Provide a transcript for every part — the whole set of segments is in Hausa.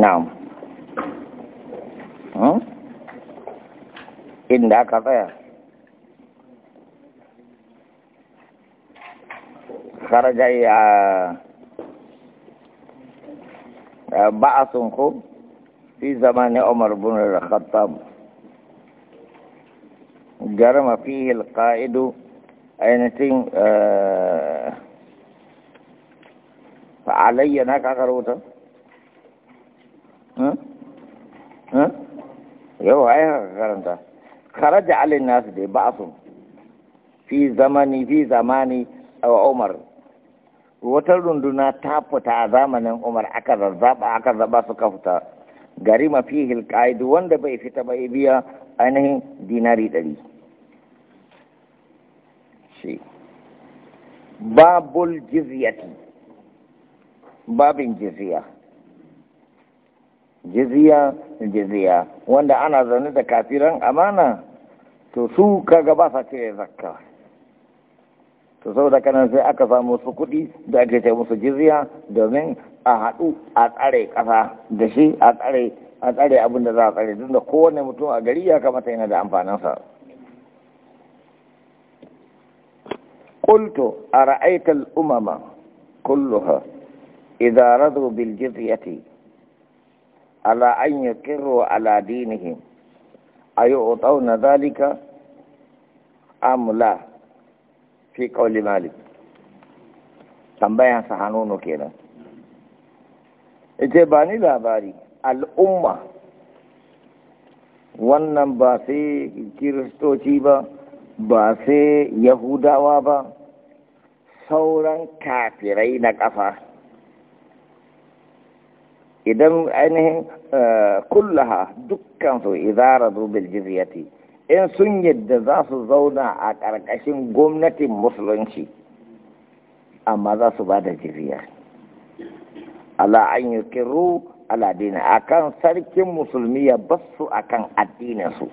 نعم إن ذاك خرج يا آه، آه، بعثهم في زمان عمر بن الخطاب جرم فيه القائد أين تين آه، فعلي نكاكروتا yau ai haka karanta kharaja alin nasu ba su fi zamani fi zamani wa umar wata runduna ta fita a zamanin umar aka zazzaba aka zaba suka fita gari mafi hilkaidu wanda bai fita ba ya biya ainihin dinari ɗari shi babul jizyati babin jizya jiziya jiziya wanda ana zaune da kafiran amana to su kaga ba sa cire zakka to saboda kanan sai aka samu su kuɗi da ake ce musu jiziya domin a haɗu a tsare ƙasa da shi a tsare a tsare abin da za a tsare tunda kowane mutum a gari ya kamata yana da amfaninsa قلت أرأيت الأمم كلها إذا رضوا بالجزية Ala على Ala يقروا a yi أيعطون na zalika Amula fi kauli مالك tambayan sa hanono kenan ita ba ni labari al'umma wannan ba sai kiristoci ba ba sai yahudawa ba sauran kafirai na ƙasa idan ainihin eh, kullaha dukkansu idara zubil jiziyati in sun yadda za su zauna a ƙarƙashin gwamnatin musulunci amma za su ba da jiziyar ala an yi kiru ala a akan sarkin musulmi ya basu kan addininsu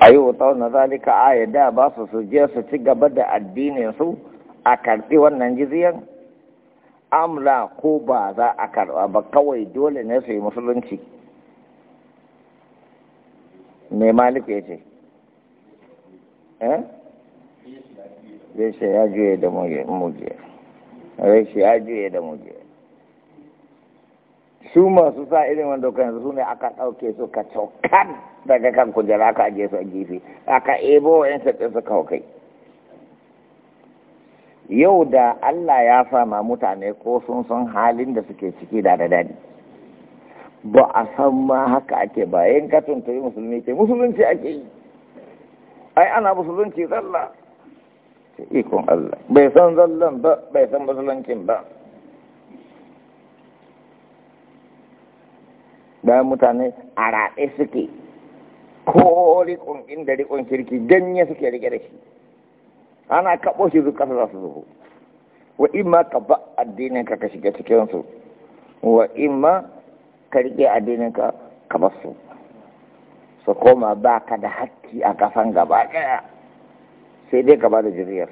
a yi wuta na zalika a da ba su su je su ci gaba da addininsu a karɓi wannan jiziyar amla ko ba za a karɓa ba kawai dole ne su yi musulunci mai maliku ya ce eh reshe ya juye da muje reshe ya juye da muje su masu sa irin wanda kan su ne aka ɗauke su ka caukan daga kan kujera aka aje su a gefe aka ebo wa'yan sabbin su kawai yau da Allah ya sama mutane ko sun san halin da suke ciki da daɗi ba a san ma haka ake bayan ka tuntuni musulmi ke musulunci ake yi ai ana musulunci zalla ce ikon Allah bai san zallan ba bai san musuluncin ba bayan mutane a raɗe suke ko rikon inda rikon kirki ganye suke rike da shi ana kaɓo shi su ƙasa za su zuhu wa imma ka ba addininka ka shiga cikin su wa imma ka rike addininka ka ka bar su su koma ba ka da hakki a kasan gaba ɗaya sai dai ka ba da jiriyar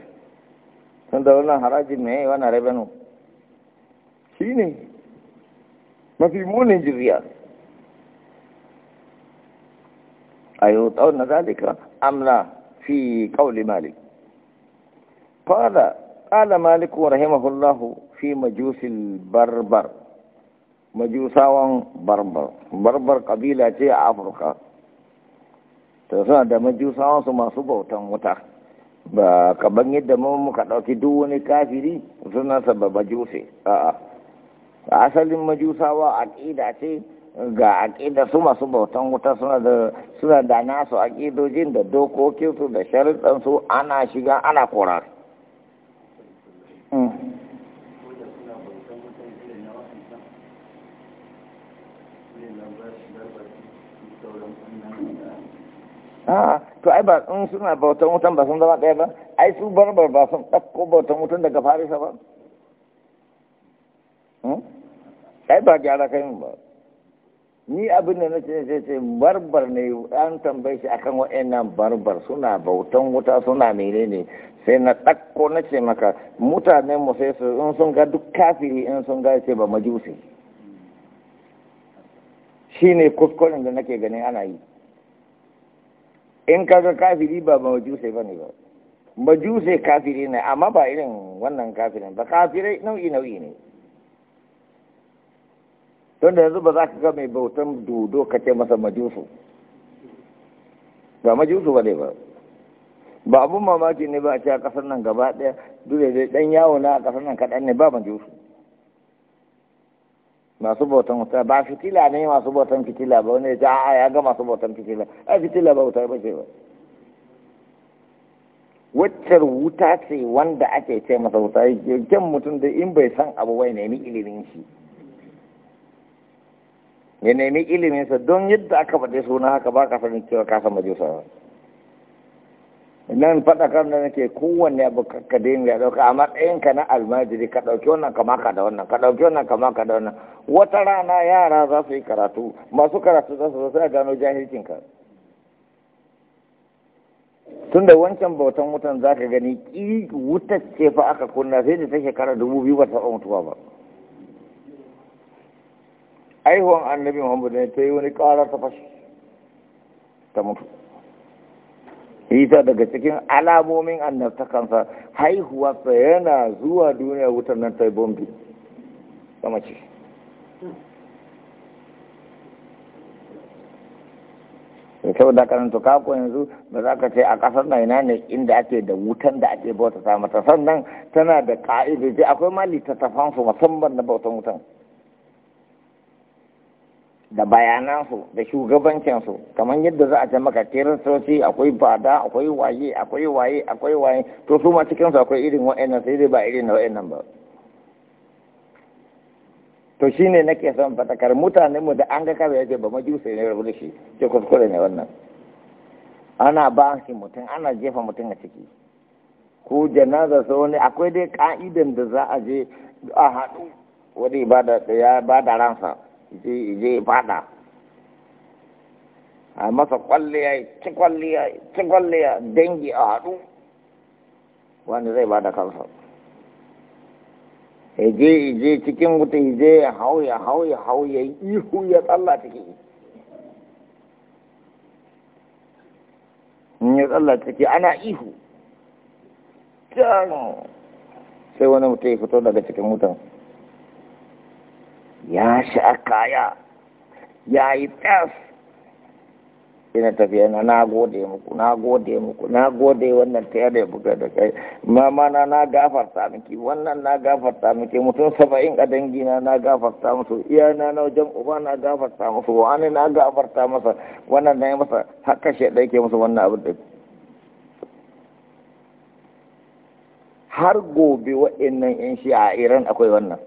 tun da wannan harajin mai wani rabenu shi ne mafi munin jiriya a yau tsawon na zalika amna fi kauli malik قال قال مالك رحمه الله في مجوس البربر مجوساوان بربر بربر قبيلة ce a Afirka to suna da majusawan su masu bautan wuta ba kaban yadda mun muka ɗauki duk wani kafiri suna sa ba majuse ga aqida su masu bautan wuta suna da suna da nasu aqidojin da dokokinsu da sharuɗan su ana shiga ana korar A'a, ah, to ai ba in suna bautan wutan ba sun zama ɗaya ba, ai su barbar ba sun ɗauko bautan wutan daga Farisa ba. Hmm? Ai ba gyara kai ba. ni abin da nace sai ce barbar ne an tambaye shi akan wa'annan barbar suna bautan wuta suna menene sai na ɗakko na ce maka mutanen mu sai su in sun ga duk kafiri in sun ga ce ba majusi ne kuskuren da nake ganin ana yi in ka ga kafiri ba ba majusi ne ba majusi kafiri ne amma ba irin wannan kafirin ba kafirai nau'i nau'i ne don da yanzu ba za ka ga mai bautan dodo ka ce masa majusu ba majusu ba ne ba ba abun mamaki ne ba a ce a ƙasar nan gaba ɗaya duk da dai ɗan yawo na a ƙasar nan kaɗan ne ba majusu masu bautan wuta ba fitila ne masu bautan fitila ba wani ya a ya ga masu bautan fitila a fitila ba wuta ba ce ba waccar wuta ce wanda ake ce masa wuta yake mutum da in bai san abu ne nemi ilimin shi ya nemi iliminsa don yadda aka faɗi suna haka ba ka sanin cewa ka san majusa nan faɗa kan da nake kowanne abu ka dinga ya ɗauka a ka na almajiri ka ɗauki wannan kama ka da wannan ka ɗauki wannan kama ka da wannan wata rana yara za su yi karatu masu karatu za su zai gano ka tun da wancan bautan wutan za ka gani ƙi wutar ce fa aka kunna sai da ta shekara dubu biyu ba ta mutuwa ba haihuwan annabi muhammad ne ta yi wani ƙara ta fashi ta mutu isa daga cikin alamomin annabtakansa haihuwarsa yana zuwa duniya wutar nan ta yi bombi sama ce da kyau da karanta yanzu ba za ka ce a kasar na ina ne inda ake da wutan da ake bauta ta mata sannan tana da ka'idoji akwai ma littattafan su musamman na bautan wutan da bayanansu da shugabancinsu kamar yadda za a ce maka kiristoci akwai bada akwai waye akwai waye akwai waye to su ma cikinsu akwai irin wa'annan sai dai ba irin wa'annan ba to shine nake son fatakar mu da an ga kawai yake ba majusa ne rabu da shi ce kuskure ne wannan ana ba shi mutum ana jefa mutum a ciki ko janaza sa wani akwai dai ka'idan da za a je a haɗu wani ba da ransa je fada a masa kwalliya ci kwalliya ci dangi a haɗu wani zai bada kansa ya je je cikin wuta ya je ya hau ya hau ya hau ya ihu ya tsalla ciki in ya tsalla ciki ana ihu can sai wani mutum ya fito daga cikin wutan ya sha kaya ya yi tas ina tafiya na na gode muku na gode muku na gode wannan ta yada ya buga da kai mama na na gafarta miki wannan na gafarta miki mutum saba'in a dangi na na gafarta musu iya na na wajen uba na gafarta musu wani na gafarta masa wannan na yi masa haka shi da yake musu wannan abin da har gobe wa'annan yan shi a iran akwai wannan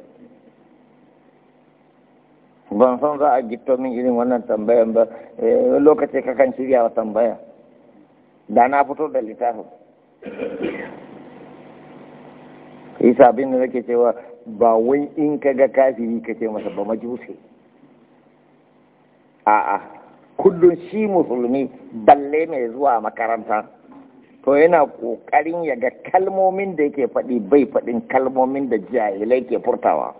ban san za a gito min irin wannan tambayan ba eh, lokaci kakan shirya wa tambaya da na fito da littafin isa abin da nake cewa ba wai in ka ga kafiri ka ce masa ba majusi a'a kullum shi musulmi balle mai zuwa makaranta to yana ƙoƙarin ya ga kalmomin da yake faɗi bai faɗin kalmomin da jahilai ke furtawa.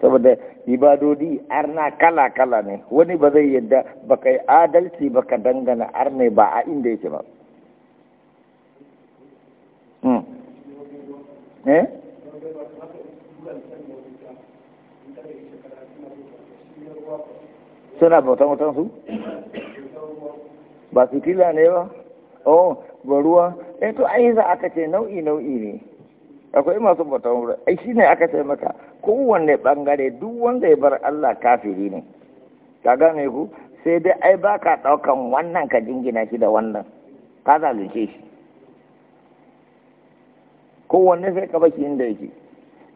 saboda ibadodi arna kala-kala ne wani ba zai yadda ba kai adalci ba ka dangana arna ba a inda yake ba hmm. eh? suna bautan wutan su ba su kila ne ba oh ba ruwa eh to ai za aka ce nau'i nau'i ne akwai masu bautan wurin ai shine aka ce maka kowanne bangare duk wanda ya bar Allah kafiri ne ka gane ku sai dai ai ka ɗaukan wannan ka jingina shi da wannan ka zalunce shi kowanne sai ka baki inda yake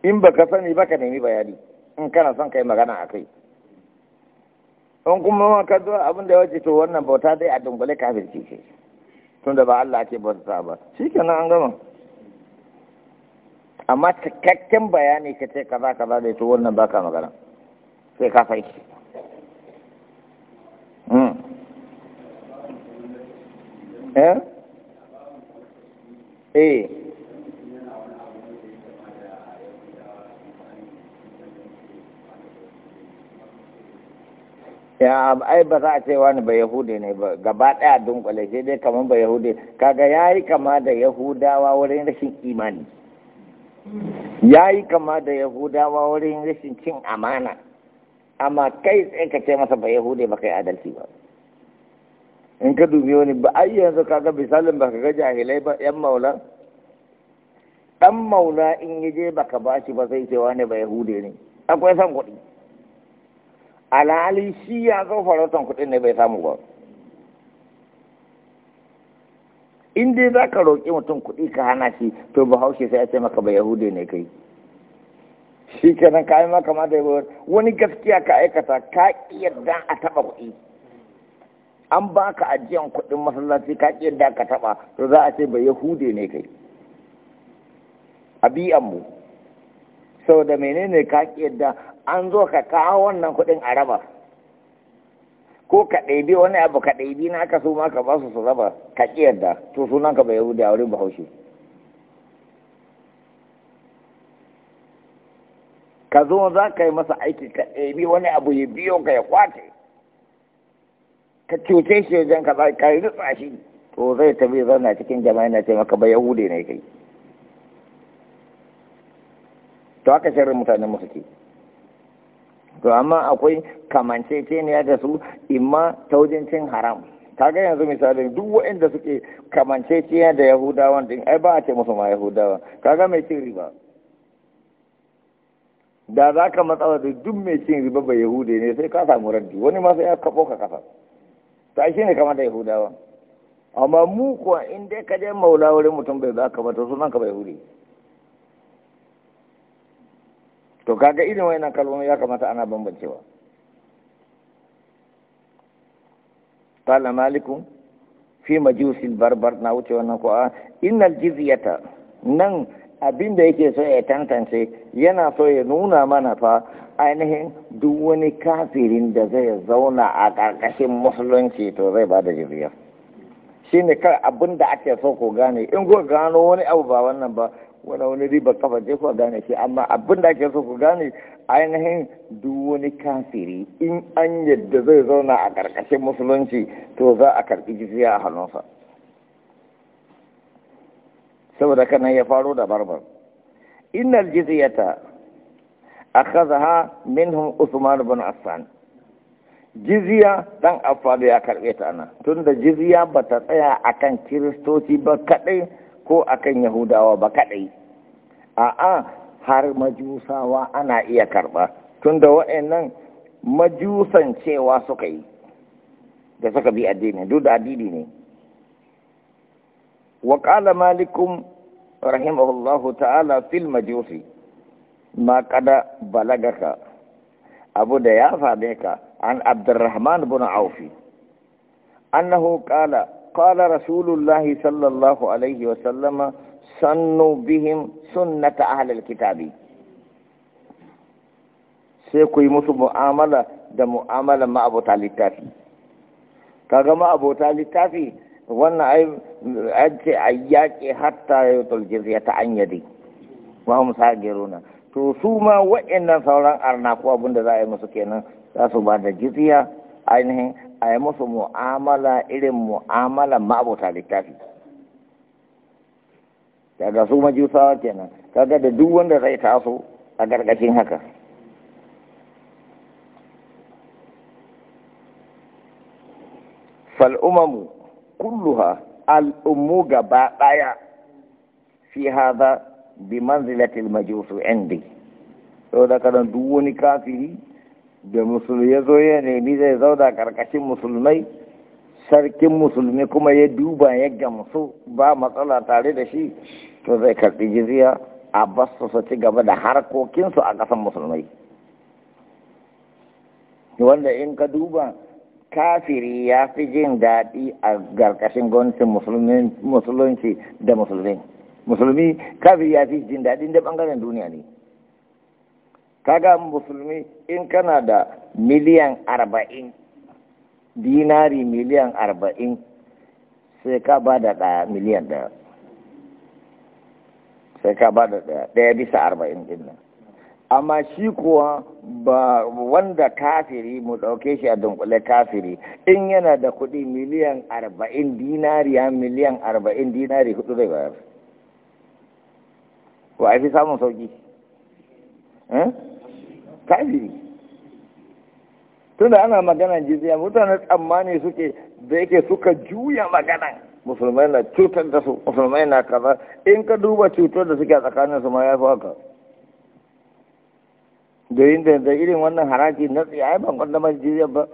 in ka sani baka nemi bayani in kana son kai magana akai in kuma ka zo abin da ya wace to wannan bauta dai a dungule kafirci ce tunda ba Allah ake bauta ba shikenan an gama amma cikakken bayani ka ce kaza kaza da ita wannan baka magana sai ka fai hmm. eh eh ya ai ba za a ce wani ba yahudi ne ba gaba daya dunkule shi, dai kamar ba yahudi kaga yi kama da yahudawa wurin rashin imani ya yi kama da yahudawa wurin rashin cin amana amma kai tsaye ka ce masa ba yahudai ba kai adalci ba in ka dubi wani ba ai yanzu kaga misalin baka ga jahilai ba yan maula dan maula in ya je baka bashi ba sai cewa ne ba yahudai ne akwai san kuɗi alhali shi ya zo farautan kuɗin ne bai samu ba in dai za ka roƙi mutum kuɗi ka hana shi to bahaushe sai a ce maka ba yahude ne kai shi kenan ka yi maka ma da wani gaskiya ka aikata ka yarda a taɓa kuɗi an ba ka ajiyan kuɗin masallaci ka yarda ka taɓa to za a ce ba yahude ne kai mu. sau da menene ka yarda an zo ka kawo wannan kuɗin a raba ko ka ɗaibi wani abu ka ɗaibi na aka so ma ka basu su zaba raba ka ƙi yadda to sunan ka bai yahudi a wurin bahaushe ka zo za ka yi masa aiki ka ɗaibi wani abu ya biyo ka ya kwace ka cuce shi wajen ka ba ka ritsa shi to zai tabi zauna cikin jama'a na ce maka bai yahudi ne kai to haka shirin mutanen musu ke to amma akwai kamanceceniya da su imma ta wajen cin haram ga yanzu misalin duk waɗanda suke kamanceceniya da Yahudawa, din ai ba a ce musu ma yahudawa Ka ga mai cin riba da za ka matsawa da duk mai cin riba ba yahude ne sai ka samu raddi wani ma sai ya kaɓo ka kafa ta shi ne kamar da yahudawa amma mu kuwa in dai ka je maula wurin mutum bai za ka ba to sunan ka bai yahudi to kaga irin wayannan kalmomi ya kamata ana bambancewa qala malikun fi majusil barbar na wuce wannan ko a, ah, innal jizyata nan abin da yake so ya tantance yana so ya nuna mana fa ainihin duk wani kafirin da zai zauna a ƙarƙashin musulunci to zai ba da jizya shi ne kar abin da ake so ko gane in ko gano wani abu ba wannan ba wani wani riba kafa ce ku gane shi amma abin da ake so ku gane ainihin duk wani kafiri in an yadda zai zauna a ƙarƙashin musulunci to za a karɓi jizya a hannunsa saboda kanan ya faro da barbar innal jizyata akhadha minhum Usman bin Affan jizya dan Affan ya karɓe ta ana tunda jizya bata tsaya akan kiristoci ba kaɗai. ko akan yahudawa ba kadai a'a har majusawa ana iya karba tunda wa'annan majusan cewa suka yi da suka bi addini duk da addini ne wa qala malikum rahimahullahu ta'ala fil majusi ma balaga balagaka abu da ya same ka an abdurrahman bin aufi annahu qala قال رسول الله صلى الله عليه وسلم سنوا بهم سنة أهل الكتاب سيكوي مسو مؤاملة دا مؤاملة ما أبو تالي kaga ma littafi wannan ai an ce a yaƙi hatta ya yi tuljiz ya ta'anya dai ma to suma ma wa'annan sauran arna ko abin za a yi musu kenan za su ba da jiziya ainihin a yi musu mu'amala irin mu'amala ma'abota littafi daga su majusawa kenan kaga da duk wanda zai taso a gargashin haka fal'umamu kulluha al'ummu gaba ɗaya fi haza bi manzilatil majusu indi sau da kanan duk wani kafiri da musulmi ya zo ya nemi zai zauna karkashin musulmai sarkin musulmi kuma ya duba ya gamsu ba matsala tare da shi to zai karɓi jiziya a basu su ci gaba da harkokinsu a ƙasan musulmai wanda in ka duba kafiri ya fi jin daɗi a garkashin gwamnatin musulunci da musulmi musulmi kafiri ya fi jin daɗi da ɓangaren duniya ne kaga musulmi in kana da miliyan arba'in dinari miliyan arba'in sai ka ba da ɗaya miliyan ɗaya sai ka ba da ɗaya bisa arba'in ɗin amma shi kuwa ba wanda kafiri mu ɗauke shi a dunkule kafiri in yana da kuɗi miliyan arba'in ya miliyan arba'in dinari hudu zai bayar ko a fi samun sauƙi eh? tabi tunda ana magana jiziya mutane tsammani suke da yake suka juya magana musulmai na cutar da su musulmai na kaza in ka duba cutar da suke a tsakanin su ma ya fi haka yin da irin wannan haraji na tsaye ban kwandamar jiziya ba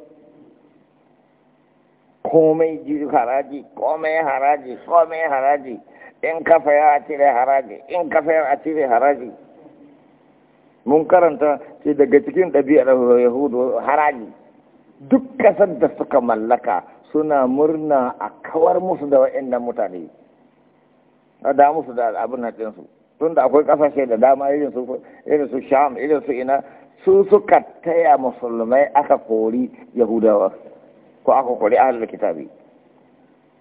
komai jiri haraji komai haraji komai haraji in kafa ya a cire haraji in kafa ya a cire haraji mun karanta sai daga cikin ɗabi'ar yahudu haraji duk ƙasar da suka mallaka suna murna a kawar musu da waɗannan mutane a da musu da abin ɗinsu tun da akwai ƙasashe da dama irin su sham irin su ina su suka taya musulmai aka kori yahudawa ko aka kori ahalar kitabi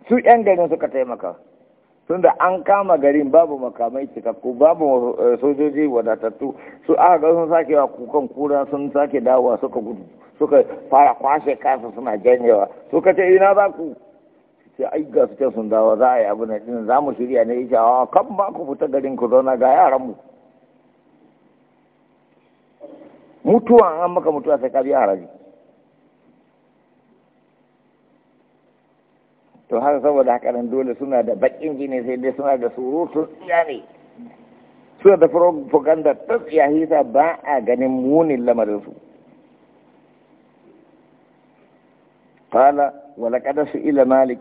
su 'yan garin suka taimaka da an kama garin babu makamai cikakku babu eh, sojoji wadatattu su aka ga sun sake wa kukan kura sun sake dawowa suka gudu suka fara kwashe kasa suna janyewa suka ce ina za ku ce ai ga su sun dawo za a yi abu na din za mu shirya ne isha wa kan ba ku fita garin ku zauna ga yaran mu mutuwa an maka mutuwa sai ka biya haraji to haka saboda haka nan dole suna da bakin jini sai dai suna da surutun iya ne suna da propaganda ta tsiyahisa ba a ganin munin lamarinsu kala wala kadasu ila malik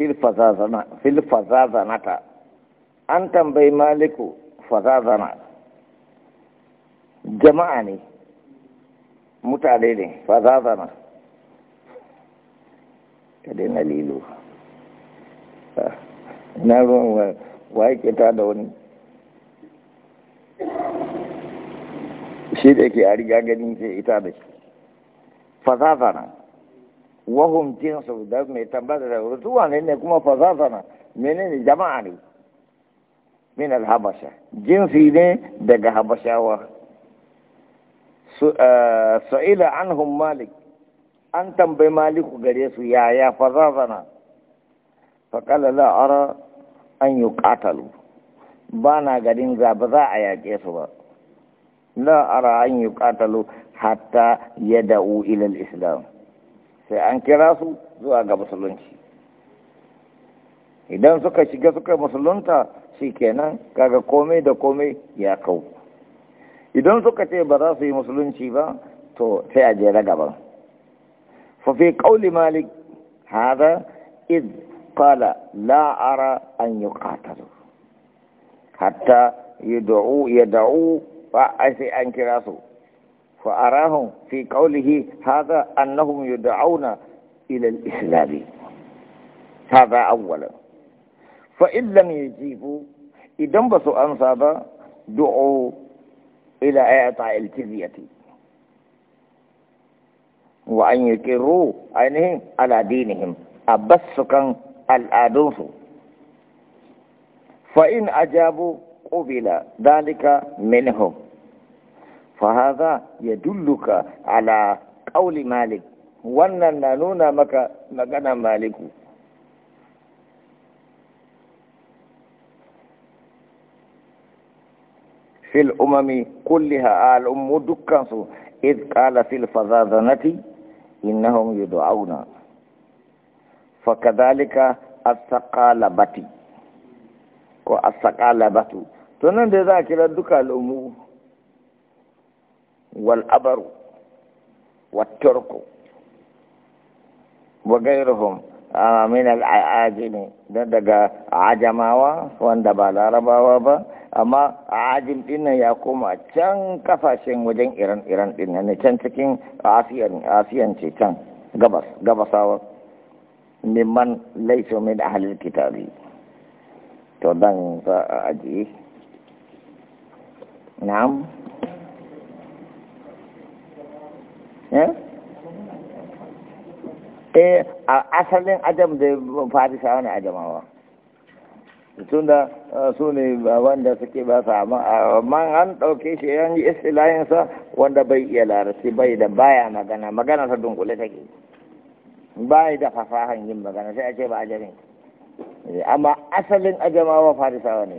fil fazazanata an tambayi maliku fazazana jama'a ne mutane ne fazazana ka daina lilo na ruwan wa yake ta da wani shi da ke ariga ganin ce ita da shi fasafana wahum jinsu da mai tambata da rutuwa ne ne kuma fasafana menene jama'a ne min alhabasha jinsi ne daga habashawa su'ila eh, anhum malik an tambayi maliku gare su yaya fazazana faƙala la'ara an yi ƙatalu ba na garin za ba za a yaƙe su ba la'ara an yi ƙatalu hatta ya da'u ilal islam sai an kira su zuwa ga musulunci idan suka shiga suka musulunta shi kenan kaga komai da komai ya kau idan suka ce ba za su yi musulunci ba to sai a jera gaban ففي قول مالك هذا إذ قال لا أرى أن يقاتلوا حتى يدعو يدعو فأسي أنكراسوا فأراهم في قوله هذا أنهم يدعون إلى الإسلام هذا أولا فإن لم يجيبوا إذن بسوا أنصابا دعوا إلى إعطاء الجزية wa an yuqirru ainihin ala dinihim abassu kan al'adunsu fa in ajabu qubila dalika minhum fa hadha yadulluka ala qawli malik wannan na nuna maka magana maliku في الأمم كلها الأم دكانسو إذ قال في الفزازنة innahum yud'auna fakadhalika as-saqalabati ko as-saqalabatu to nan da za a kira duka al'ummu wal abaru wat turku wa ghayruhum Ah, min al'ajin don daga ajamawa wanda ba larabawa ba amma ajin dinnan ya koma can kafashen wajen iran-iran dinnan ne can cikin asiyan ce can gabas gabasawa neman laiso min ahalil kitabi to dan za a ajiye na'am eh? eh a asalin ajam da farisawa ne adamawa tun da eh, su ne wanda suke ba su amma an ɗauke shi yan yi istilayensa wanda bai iya larasi bai da baya magana magana ta dunkule take bai da fasahan yin magana sai a ce ba ajami eh, amma asalin ajamawa farisawa ne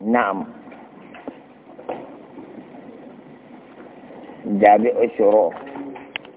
na'am جامع شروع